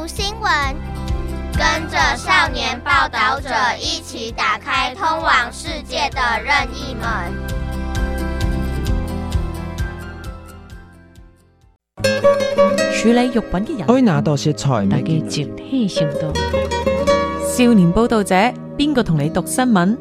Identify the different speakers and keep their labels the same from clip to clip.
Speaker 1: 讀新聞，跟着少年報道者一起打開通往世界的任意門。處理肉品嘅人可以拿到些菜咩？ 大家集體上。少年報道者，邊個同你讀新聞？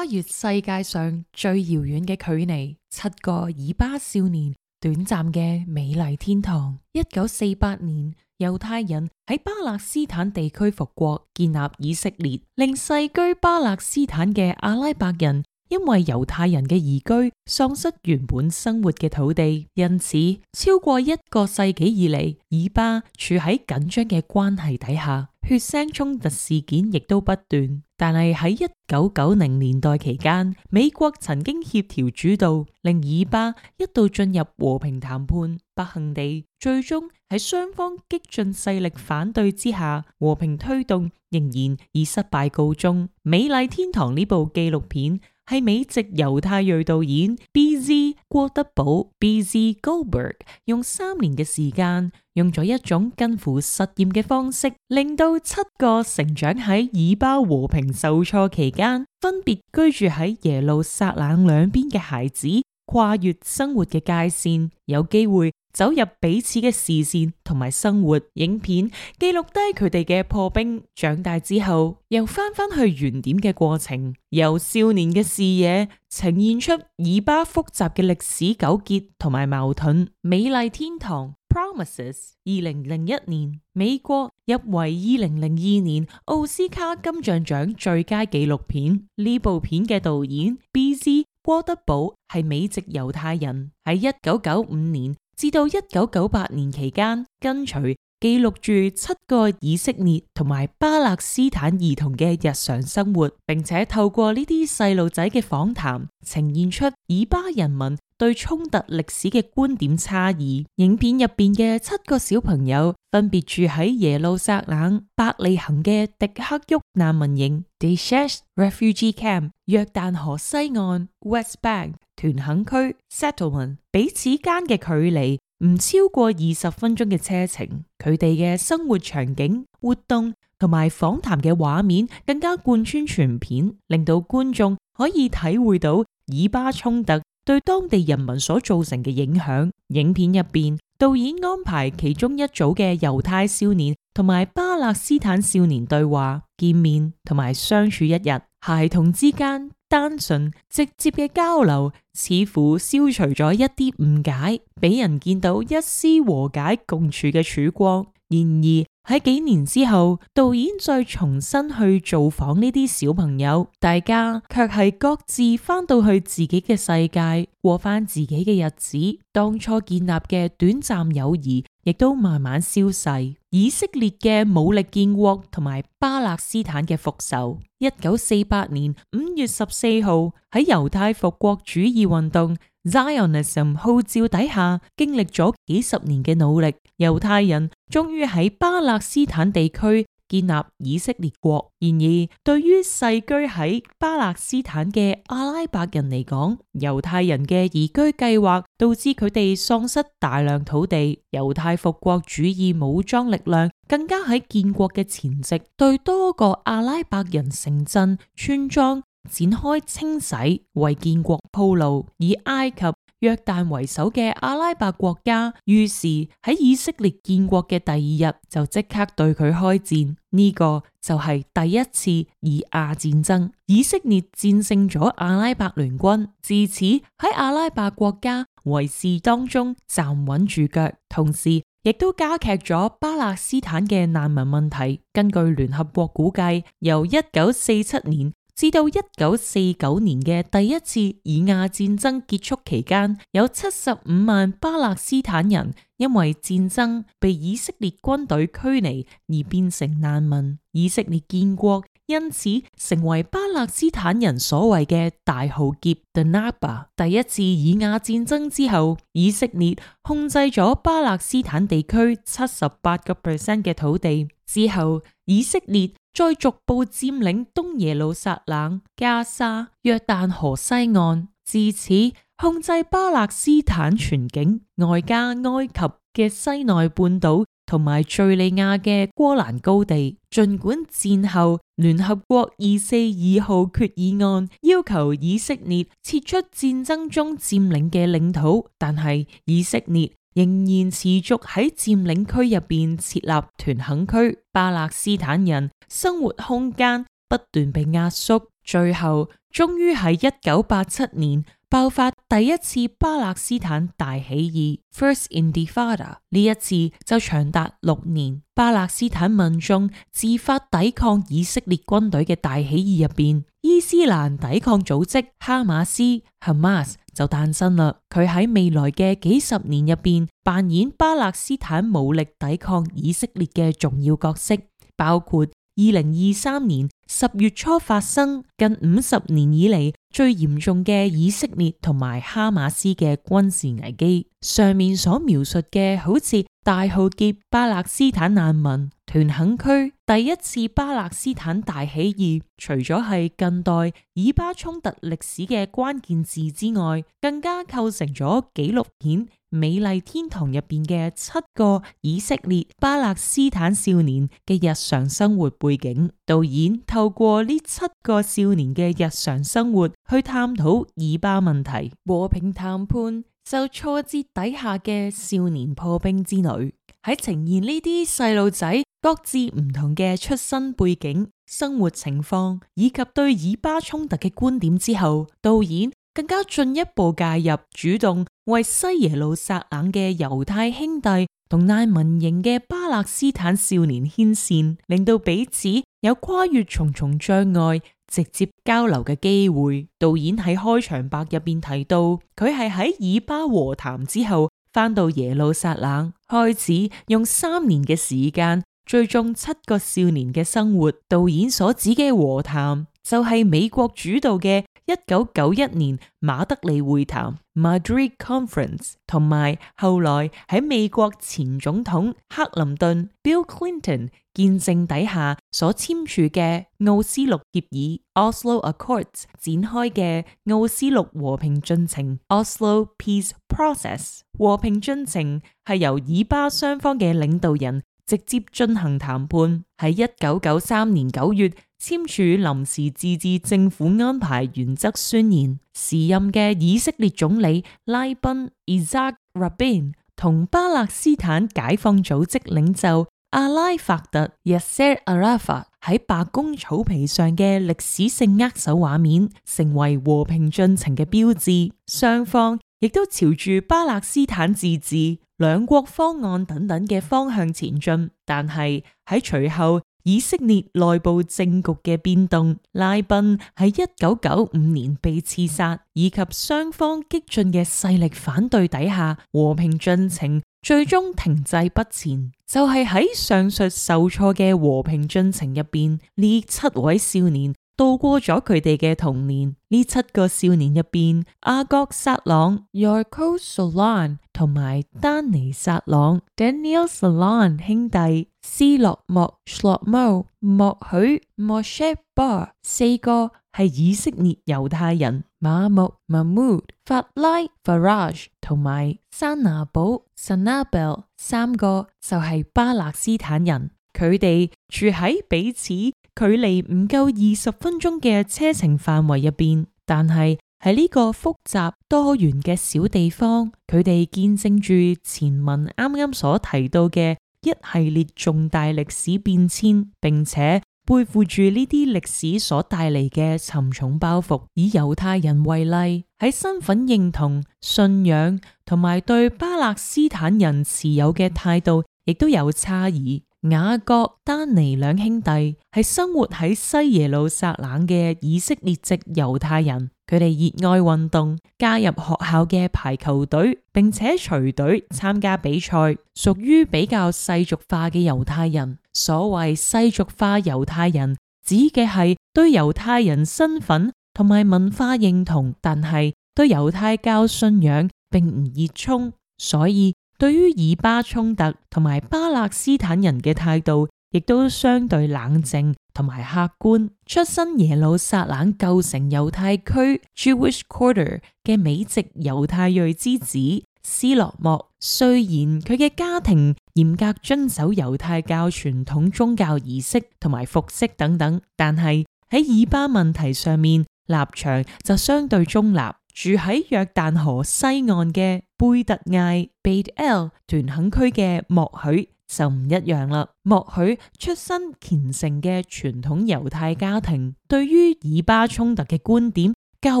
Speaker 1: 越世界上最遙遠嘅距離，七個以巴少年短暫嘅美麗天堂。一九四八年，猶太人喺巴勒斯坦地區復國，建立以色列，令世居巴勒斯坦嘅阿拉伯人因為猶太人嘅移居，喪失原本生活嘅土地。因此，超過一個世紀以嚟，以巴處喺緊張嘅關係底下，血腥衝突事件亦都不斷。但係喺一九九零年代期間，美國曾經協調主導，令以巴一度進入和平談判，不幸地最終喺雙方激進勢力反對之下，和平推動仍然以失敗告終。《美麗天堂》呢部紀錄片。係美籍猶太裔導演 B.Z. 戈德堡 （B.Z. Goldberg） 用三年嘅時間，用咗一種近乎實驗嘅方式，令到七個成長喺以巴和平受挫期間，分別居住喺耶路撒冷兩邊嘅孩子，跨越生活嘅界線，有機會。走入彼此嘅視線同埋生活，影片記錄低佢哋嘅破冰，長大之後又返返去原點嘅過程，由少年嘅視野呈現出以巴複雜嘅歷史糾結同埋矛盾。美麗天堂 （Promises），二零零一年美國，入圍二零零二年奧斯卡金像獎最佳紀錄片。呢部片嘅導演 B.Z. 戈德堡係美籍猶太人，喺一九九五年。至到一九九八年期間，跟隨記錄住七個以色列同埋巴勒斯坦兒童嘅日常生活，並且透過呢啲細路仔嘅訪談，呈現出以巴人民對衝突歷史嘅觀點差異，影片入邊嘅七個小朋友分別住喺耶路撒冷、伯利恆嘅迪克沃難民營 （Dheisheh Refugee Camp）、約旦河西岸 （West Bank） 屯墾區 （Settlement），彼此間嘅距離唔超過二十分鐘嘅車程。佢哋嘅生活場景、活動同埋訪談嘅畫面更加貫穿全片，令到觀眾可以體會到以巴衝突。對當地人民所造成嘅影響，影片入面導演安排其中一組嘅猶太少年同埋巴勒斯坦少年對話、見面同埋相處一日，孩童之間單純直接嘅交流，似乎消除咗一啲誤解，俾人見到一絲和解共處嘅曙光。然而喺幾年之後，導演再重新去造訪呢啲小朋友，大家卻係各自翻到去自己嘅世界，過翻自己嘅日子。當初建立嘅短暫友誼，亦都慢慢消逝。以色列嘅武力建國同埋巴勒斯坦嘅復仇。一九四八年五月十四號喺猶太復國主義運動。Zionism 號召底下，經歷咗幾十年嘅努力，猶太人終於喺巴勒斯坦地區建立以色列國。然而，對於世居喺巴勒斯坦嘅阿拉伯人嚟講，猶太人嘅移居計劃導致佢哋喪失大量土地。猶太復國主義武裝力量更加喺建國嘅前夕，對多個阿拉伯人城鎮、村莊，展開清洗，為建國鋪路。以埃及、約旦為首嘅阿拉伯國家，於是喺以色列建國嘅第二日就即刻對佢開戰。呢、這個就係第一次以阿戰爭。以色列戰勝咗阿拉伯聯軍，自此喺阿拉伯國家環伺當中站穩住腳，同時亦都加劇咗巴勒斯坦嘅難民問題。根據聯合國估計，由一九四七年，至到一九四九年嘅第一次以亞戰爭結束期間，有七十五萬巴勒斯坦人因為戰爭被以色列軍隊驅離而變成難民。以色列建國因此成為巴勒斯坦人所謂嘅大浩劫。The Nakba。第一次以亞戰爭之後，以色列控制咗巴勒斯坦地區七十八個 percent 嘅土地。之後，以色列再逐步佔領東耶路撒冷、加沙、約旦河西岸，至此控制巴勒斯坦全境，外加埃及嘅西奈半島同埋敘利亞嘅戈蘭高地。儘管戰後聯合國二四二號決議案要求以色列撤出戰爭中佔領嘅領土，但係以色列，仍然持續喺佔領區入邊設立屯墾區，巴勒斯坦人生活空間不斷被壓縮，最後終於喺一九八七年爆發第一次巴勒斯坦大起義 （First Intifada）。呢一次就長達六年，巴勒斯坦民眾自發抵抗以色列軍隊嘅大起義入邊，伊斯蘭抵抗組織哈馬斯 （Hamas），就誕生啦！佢喺未來嘅幾十年入邊扮演巴勒斯坦武力抵抗以色列嘅重要角色，包括二零二三年十月初發生近五十年以嚟，最嚴重嘅以色列同埋哈馬斯嘅軍事危機。上面所描述嘅好似大浩劫，巴勒斯坦難民屯墾區。第一次巴勒斯坦大起義，除咗係近代以巴衝突歷史嘅關鍵字之外，更加構成咗紀錄片《美麗天堂》入邊嘅七個以色列巴勒斯坦少年嘅日常生活背景。導演透過呢七個少年嘅日常生活去探討以巴問題、和平談判，受挫折底下嘅少年破冰之旅。喺呈現呢啲細路仔各自唔同嘅出身背景、生活情況以及對以巴衝突嘅觀點之後，導演更加進一步介入，主動為西耶路撒冷嘅猶太兄弟同難民營嘅巴勒斯坦少年牽線，令到彼此有跨越重重障礙直接交流嘅機會。導演喺開場白入邊提到，佢係喺以巴和談之後，返到耶路撒冷，開始用三年嘅時間追蹤七個少年嘅生活。導演所指嘅和談就係、是、美國主導嘅一九九一年馬德里會談 （Madrid Conference） 同埋後來喺美國前總統克林頓 （Bill Clinton） 見證底下所簽署嘅奧斯陸協議 （Oslo Accords） 展開嘅奧斯陸和平進程 （Oslo Peace Process）。和平進程係由以巴雙方嘅領導人直接進行談判，喺一九九三年九月簽署臨時自治政府安排原則宣言。時任嘅以色列總理拉賓 i z a a r a b i n 同巴勒斯坦解放組織領袖阿拉法特 （Yasser Arafat） 喺白宮草皮上嘅歷史性握手畫面，成為和平進程嘅標誌。雙方。亦都朝住巴勒斯坦自治兩國方案等等嘅方向前進，但係喺隨後以色列內部政局嘅變動、拉賓喺一九九五年被刺殺，以及雙方激進嘅勢力反對底下，和平進程最終停滯不前。就係、是、喺上述受挫嘅和平進程入邊，呢七位少年。度過咗佢哋嘅童年，呢七個少年入邊，阿國沙朗 y o k o s h a l o n 同埋丹尼沙朗 （Daniel s h a l o n 兄弟，斯洛莫 （Shlomo） 莫許 （Moshe a Bar） 四個係以色列猶太人，馬木 （Mahmoud） 法拉 （Faraj） 同埋山拿寶 （Sanabel） 三個就係巴勒斯坦人，佢哋住喺彼此。距離唔夠二十分鐘嘅車程範圍入邊，但係喺呢個複雜多元嘅小地方，佢哋見證住前文啱啱所提到嘅一系列重大歷史變遷，並且背負住呢啲歷史所帶嚟嘅沉重包袱。以猶太人為例，喺身份認同、信仰同埋對巴勒斯坦人持有嘅態度，亦都有差異。雅各、丹尼兩兄弟係生活喺西耶路撒冷嘅以色列籍猶太人，佢哋熱愛運動，加入學校嘅排球隊，並且隨隊參加比賽，屬於比較世俗化嘅猶太人。所謂世俗化猶太人，指嘅係對猶太人身份同埋文化認同，但係對猶太教信仰並唔熱衷，所以，對於以巴衝突同埋巴勒斯坦人嘅態度，亦都相對冷靜同埋客觀。出身耶路撒冷舊城猶太區 （Jewish Quarter） 嘅美籍猶太裔之子斯洛莫，雖然佢嘅家庭嚴格遵守猶太教傳統宗教儀式同埋服飾等等，但係喺以巴問題上面立場就相對中立。住喺約旦河西岸嘅貝特艾 Beit El 屯墾區嘅莫許就唔一樣啦。莫許出身虔誠嘅傳統猶太家庭，對於以巴衝突嘅觀點較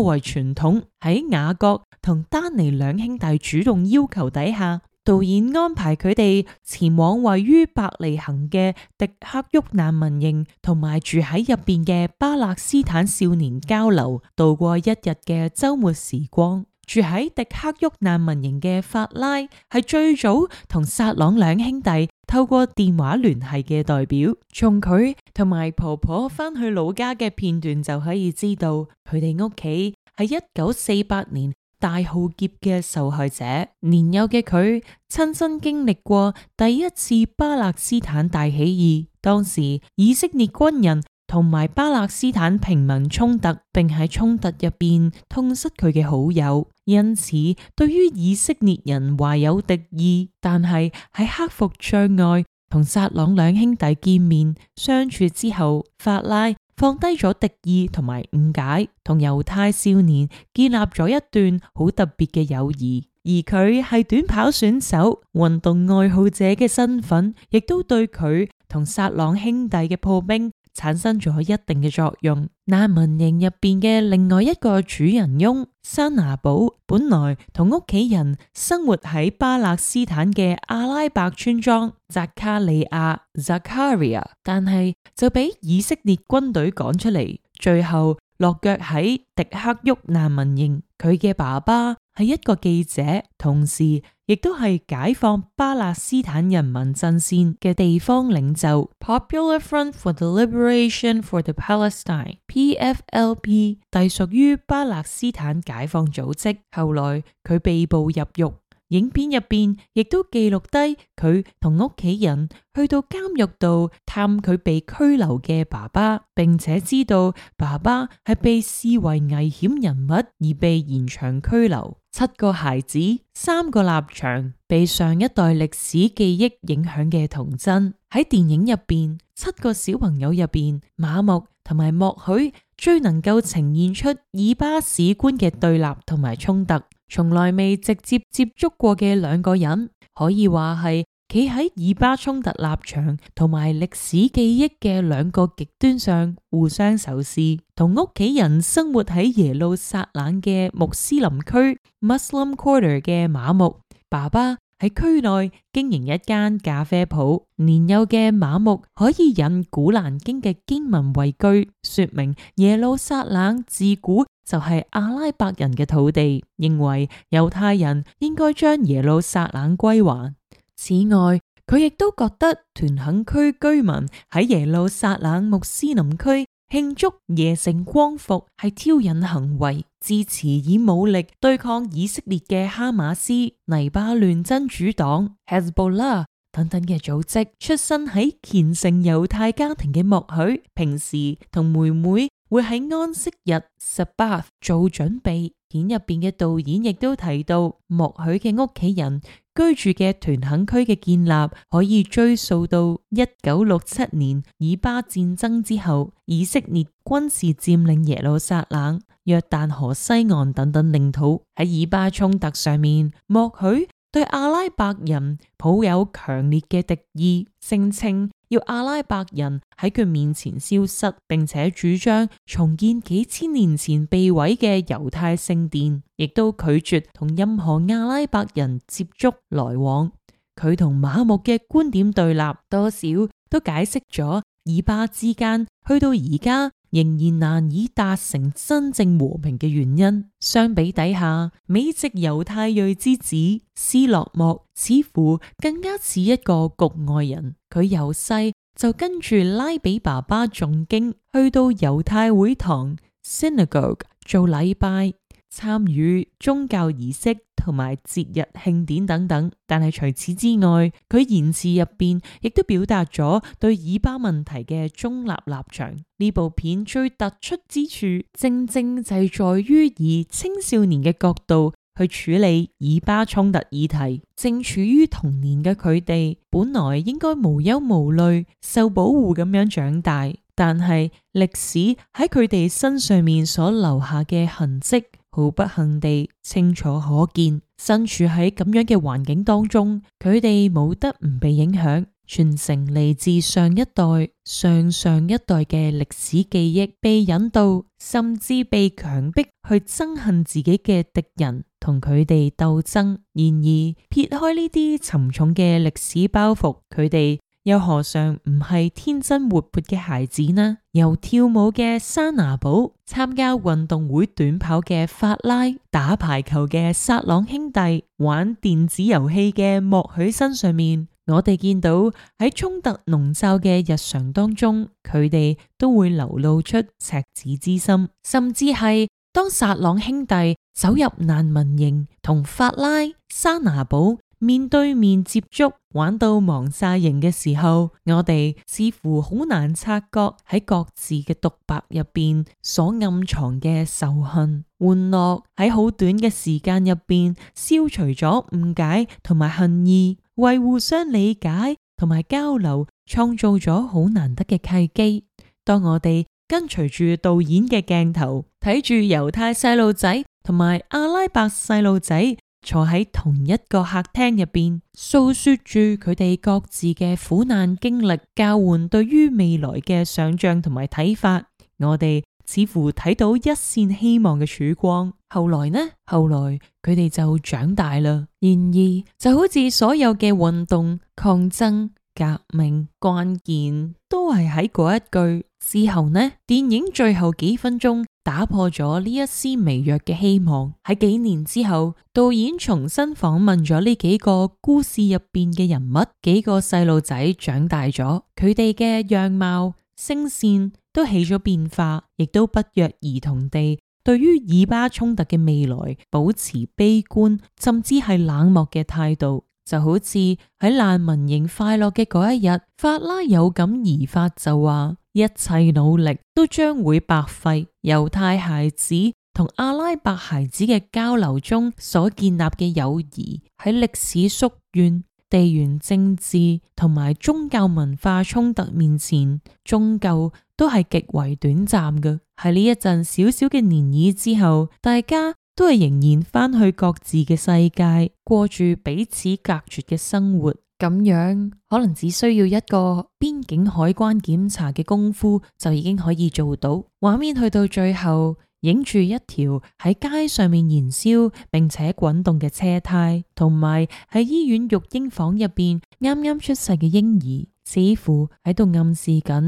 Speaker 1: 為傳統。喺雅各同丹尼兩兄弟主動要求底下。導演安排佢哋前往位於伯利恆嘅迪克沃難民營，同埋住喺入邊嘅巴勒斯坦少年交流，度過一日嘅周末時光。住喺迪克沃難民營嘅法拉係最早同薩朗兩兄弟透過電話聯繫嘅代表。從佢同埋婆婆翻去老家嘅片段就可以知道，佢哋屋企喺一九四八年，大浩劫嘅受害者，年幼嘅佢親身經歷過第一次巴勒斯坦大起義。當時以色列軍人同埋巴勒斯坦平民衝突，並喺衝突入邊痛失佢嘅好友。因此，對於以色列人懷有敵意。但係喺克服障礙同撒朗兩兄弟見面相處之後，法拉。放低咗敵意同埋誤解，同猶太少年建立咗一段好特別嘅友誼。而佢係短跑選手、運動愛好者嘅身份，亦都對佢同沙朗兄弟嘅破冰。產生咗一定嘅作用。難民營入邊嘅另外一個主人翁山拿寶，本來同屋企人生活喺巴勒斯坦嘅阿拉伯村莊扎卡利亞 （Zakaria），但係就俾以色列軍隊趕出嚟，最後落腳喺迪克沃難民營。佢嘅爸爸係一個記者，同時，亦都係解放巴勒斯坦人民陣線嘅地方領袖，Popular Front for the Liberation for the Palestine（PFLP） 隸屬於巴勒斯坦解放組織。後來佢被捕入獄。影片入邊亦都記錄低佢同屋企人去到監獄度探佢被拘留嘅爸爸，並且知道爸爸係被視為危險人物而被延長拘留。七個孩子，三個立場被上一代歷史記憶影響嘅童真喺電影入邊，七個小朋友入邊，馬木同埋莫許最能夠呈現出以巴史觀嘅對立同埋衝突，從來未直接接觸過嘅兩個人，可以話係。企喺以巴衝突立場同埋歷史記憶嘅兩個極端上互相仇視，同屋企人生活喺耶路撒冷嘅穆斯林區 （Muslim Quarter） 嘅馬牧爸爸喺區內經營一間咖啡鋪。年幼嘅馬牧可以引古蘭經嘅經文為據，說明耶路撒冷自古就係阿拉伯人嘅土地，認為猶太人應該將耶路撒冷歸還。此外，佢亦都覺得團墾區居民喺耶路撒冷穆斯林區慶祝耶城光復係挑釁行為，支持以武力對抗以色列嘅哈馬斯、黎巴嫩真主黨、Hezbollah 等等嘅組織。出身喺虔誠猶太家庭嘅莫許，平時同妹妹會喺安息日 Sabbath 做準備。片入邊嘅導演亦都提到，莫許嘅屋企人居住嘅屯墾區嘅建立，可以追溯到一九六七年以巴戰爭之後，以色列軍事佔領耶路撒冷、約旦河西岸等等領土。喺以巴衝突上面，莫許對阿拉伯人抱有強烈嘅敵意，聲稱。要阿拉伯人喺佢面前消失，並且主張重建幾千年前被毀嘅猶太聖殿，亦都拒絕同任何阿拉伯人接觸來往。佢同馬木嘅觀點對立，多少都解釋咗以巴之間去到而家，仍然難以達成真正和平嘅原因。相比底下，美籍猶太裔之子斯洛莫似乎更加似一個局外人。佢由細就跟住拉比爸爸誦經，去到猶太會堂 Synagogue 做禮拜，參與宗教儀式。同埋節日慶典等等，但係除此之外，佢言辭入邊亦都表達咗對以巴問題嘅中立立場。呢部片最突出之處，正正就係在於以青少年嘅角度去處理以巴衝突議題。正處於童年嘅佢哋，本來應該無憂無慮、受保護咁樣長大，但係歷史喺佢哋身上面所留下嘅痕跡。好不幸地清楚可見，身處喺咁樣嘅環境當中，佢哋冇得唔被影響，傳承嚟自上一代、上上一代嘅歷史記憶，被引導，甚至被強迫去憎恨自己嘅敵人，同佢哋鬥爭。然而，撇開呢啲沉重嘅歷史包袱，佢哋，又何嘗唔係天真活潑嘅孩子呢？由跳舞嘅沙拿寶、參加運動會短跑嘅法拉、打排球嘅撒朗兄弟、玩電子遊戲嘅莫許身上面，我哋見到喺衝突籠罩嘅日常當中，佢哋都會流露出赤子之心，甚至係當撒朗兄弟走入難民營同法拉、沙拿寶面對面接觸。玩到忘晒形嘅時候，我哋似乎好難察覺喺各自嘅獨白入邊所暗藏嘅仇恨。玩樂喺好短嘅時間入邊消除咗誤解同埋恨意，為互相理解同埋交流創造咗好難得嘅契機。當我哋跟隨住導演嘅鏡頭，睇住猶太細路仔同埋阿拉伯細路仔。坐喺同一個客廳入邊，訴說住佢哋各自嘅苦難經歷，交換對於未來嘅想象同埋睇法。我哋似乎睇到一線希望嘅曙光。後來呢？後來佢哋就長大啦。然而，就好似所有嘅運動、抗爭、革命、關鍵，都係喺嗰一句之後呢？電影最後幾分鐘。打破咗呢一絲微弱嘅希望。喺幾年之後，導演重新訪問咗呢幾個故事入邊嘅人物。幾個細路仔長大咗，佢哋嘅樣貌、聲線都起咗變化，亦都不約而同地對於以巴衝突嘅未來保持悲觀，甚至係冷漠嘅態度。就好似喺難民營快樂嘅嗰一日，法拉有感而發就，就話一切努力都將會白費。猶太孩子同阿拉伯孩子嘅交流中所建立嘅友誼，喺歷史宿怨、地緣政治同埋宗教文化衝突面前，終究都係極為短暫嘅。喺呢一陣小小嘅漣漪之後，大家，都係仍然翻去各自嘅世界，過住彼此隔絕嘅生活。咁樣可能只需要一個邊境海關檢查嘅功夫，就已經可以做到。畫面去到最後，影住一條喺街上面燃燒並且滾動嘅車胎，同埋喺醫院育嬰房入邊啱啱出世嘅嬰兒。似乎喺度暗示緊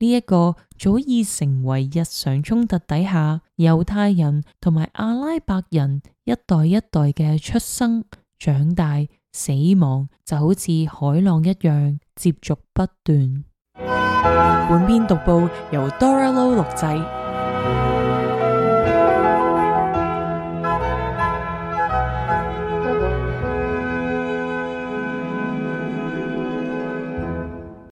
Speaker 1: 呢一個早已成為日常衝突底下，猶太人同埋阿拉伯人一代一代嘅出生、長大、死亡，就好似海浪一樣接續不斷。本篇讀報由 Dora Low 錄製。